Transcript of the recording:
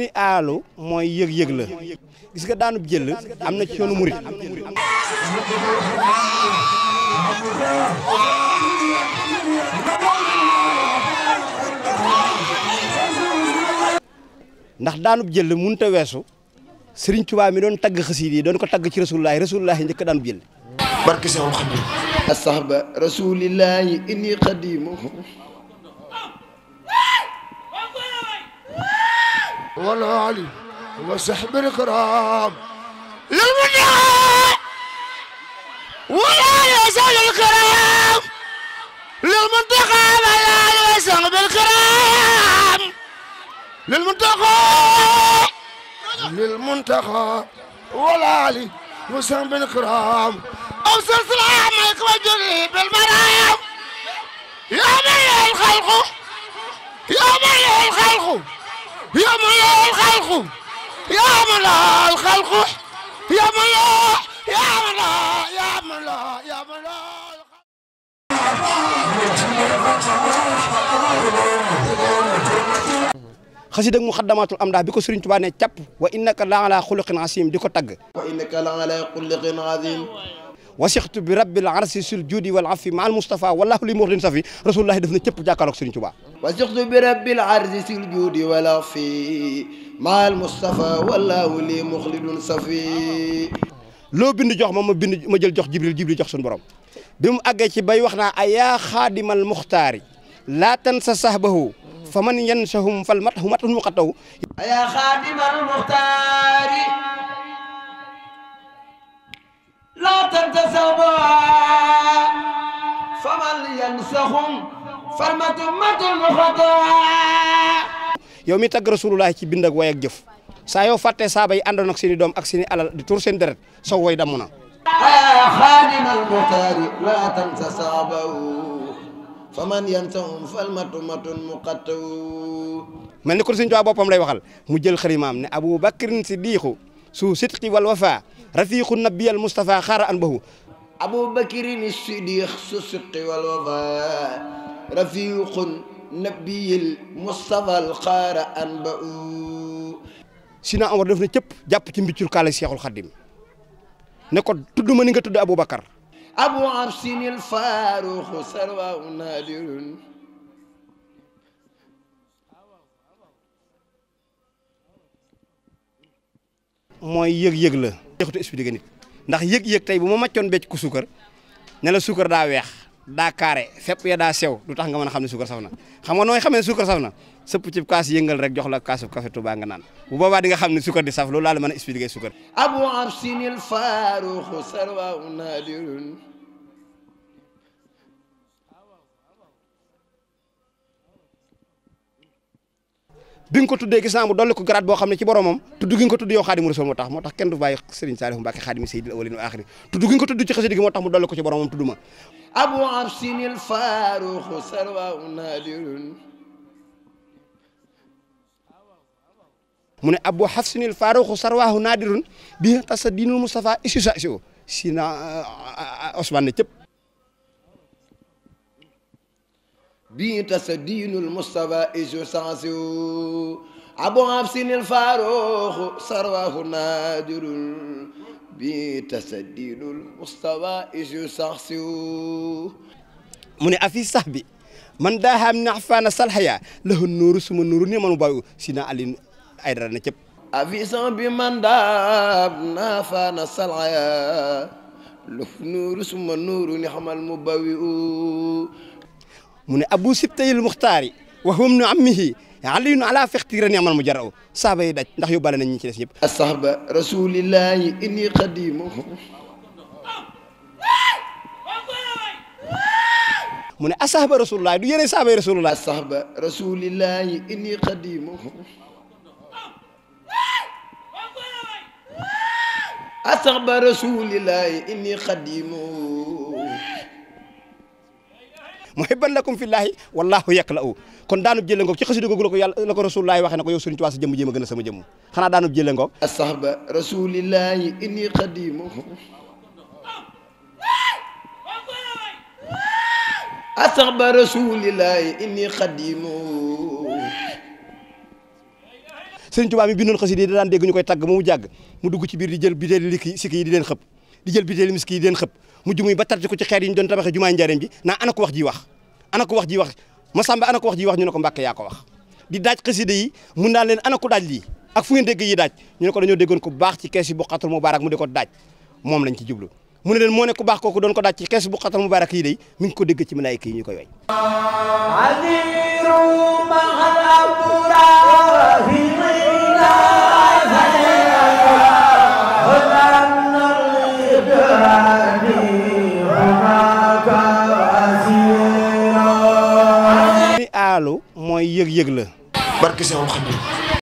li aalu mooy yëg la gis nga daanub jël am na ci yoonu murit ndax daanub jël mënut a weesu Sëriñ Tuubaa mi doon tagg xasiid yi doon ko tagg ci rasulullaahi rasulullaahi njëkk daanub jël والعلي وسحب الكرام للمنتهى ولا يزال الكرام للمنتقى ولا يزال بالكرام للمنتقى للمنتقى والعلي وسام بن كرام أوصل سلامك وجري بالمرام يا من الخلق يا من الخلق يا ملا الخلق يا ملا الخلق يا ملا يا ملا يا ملا يا ملا xasida mu xaddamaatul am daa bi ko Sëriñ Tuubaa ne càpp wa innaka la ala xuluqin asim di ko tagg wa innaka la ala xuluqin azim wasixtu bi rabbil arsi sul juudi wal afi ma al Mustafa wallahu li muxlin safi rasulullahi daf na cëpp jàkkaarloog Sëriñ Tuubaa وزغت برب العرز الجود ولا في مع المصطفى والله لي مخلد صفي loo bind jox ma ma bind ma jël jox jibril jibril jox suñu borom bi mu àggee ci bay wax naa ayaa xaadimal muxtaari laa tan sa sahbahu fa man yansahum fal matahu matahum xatahu ayaa xaadimal muxtaari laa tan sa sahbahu fa man yansahum farmatu matul mu yow mi tagg rasulullah ci bind ak way ak jëf saa yoo fàttee saaba yi àndoon ak seen i doom ak seen i alal di tuur seen deret saw way damm na xaadimal muxtaari tansa saabahu faman yansahum falmatu matun muqattawu mel ni kon suñu boppam lay waxal mu jël xarimaam Abu Bakrin Siddiqu su sidqi wal wafa rafiqu nabiyal Mustafa xaara an bahu Abu Bakrin Siddiq su sidqi wal wafa rafiqun nabiyil mustafa al xaara anba'u sina Omar def na cëpp jàpp ci mbiccul kaala Seexul Xaddim ne tudd ma ni nga tudd Aboubacar abu absinil faaruxu sarwa naadirun mooy yëg-yëg la. jeexutu expliqué ndax yëg-yëg tey bu ma maccoon becc ku suukar ne suukar daa weex. daa kaare fépp ya daa sew du tax nga mën a xam ne suukar saf na xam nga nooy xamee suukar saf na sëpp ci kaas yëngal rek jox la kaasu café Touba nga naan bu ne suukar di saf loolu laa la mën a expliquer suukar abu absinil faaruxu bi nga ko tuddee gis naa grade boo xam ne ci boromam tudd gi nga ko tudd yow xaadimu rasul moo tax moo tax kenn du bàyyi Serigne Saliou Mbacké xaadimu sayyidil awwalin wa aaxirin tudd gi nga ko tudd moo tax mu dolli ko ci boromam tudd ma abu absinil faaruq sarwa nadirun mu ne diinul Mustafa isisa si o si na Ousmane uh, uh, uh, بيتس دين المصطفى إجو سانسيو أبو عبس الفاروق سرواه نادر بيتس دين المصطفى إجو سانسيو من أفي صحبي man daa xam ne afaana salxaya lahu nuuru suma nuuru ni manu bàyyu si na na cëp avisan bi man daab na afaana salxaya lahu nuuru suma nuuru ni xamal mu mu ne abu sibtayil muxtaari wa hum nu ammihi aliyun ala fextiran amal mu jaraw saaba yi daj ndax yóbbaale nañ ñi ci des ñëpp asahba rasulillahi inni xadimu mu ne asahba rasulillahi du yéene saaba yi rasulillahi asahba rasulillahi inni xadimu asahba rasulillahi inni xadimu muhibban lakum fillaahi wallahu yakla'u kon daanub jële ngoog ci xasida googu la ko yàlla la ko rasulullaahi waxee na ko yow Sëriñ Tuubaa sa jëmm jéem a gën a sama jëmm xanaa daanub jële ngoog asahba rasulillahi inni xadimuhu asahba rasulillahi inni xadimuhu Sëriñ mi bindoon xasida daan dégg ñu koy tàgg mu mu jàgg mu dugg ci biir di jël bitéeli liki yi di leen xëpp di jël bitéeli miski yi di leen xëpp mujj muy ba tarti ko ci xeer yi ñu doon tabaxee jumaay njaareem ji naa ana wax ji wax ana wax ji wax Masamba ana wax ji wax ñu ne yaa ko wax di daaj xasida yi mun naa leen ana ko daaj ak fu ngeen yi daaj ñu ne ko dañoo ku baax ci kees yi bu xatul mubaarak mu di ko daaj ci mu ne leen moo ne ko daaj ci mi ngi ko dégg ci malaayika yi loolu mooy yëg-yëg la. barke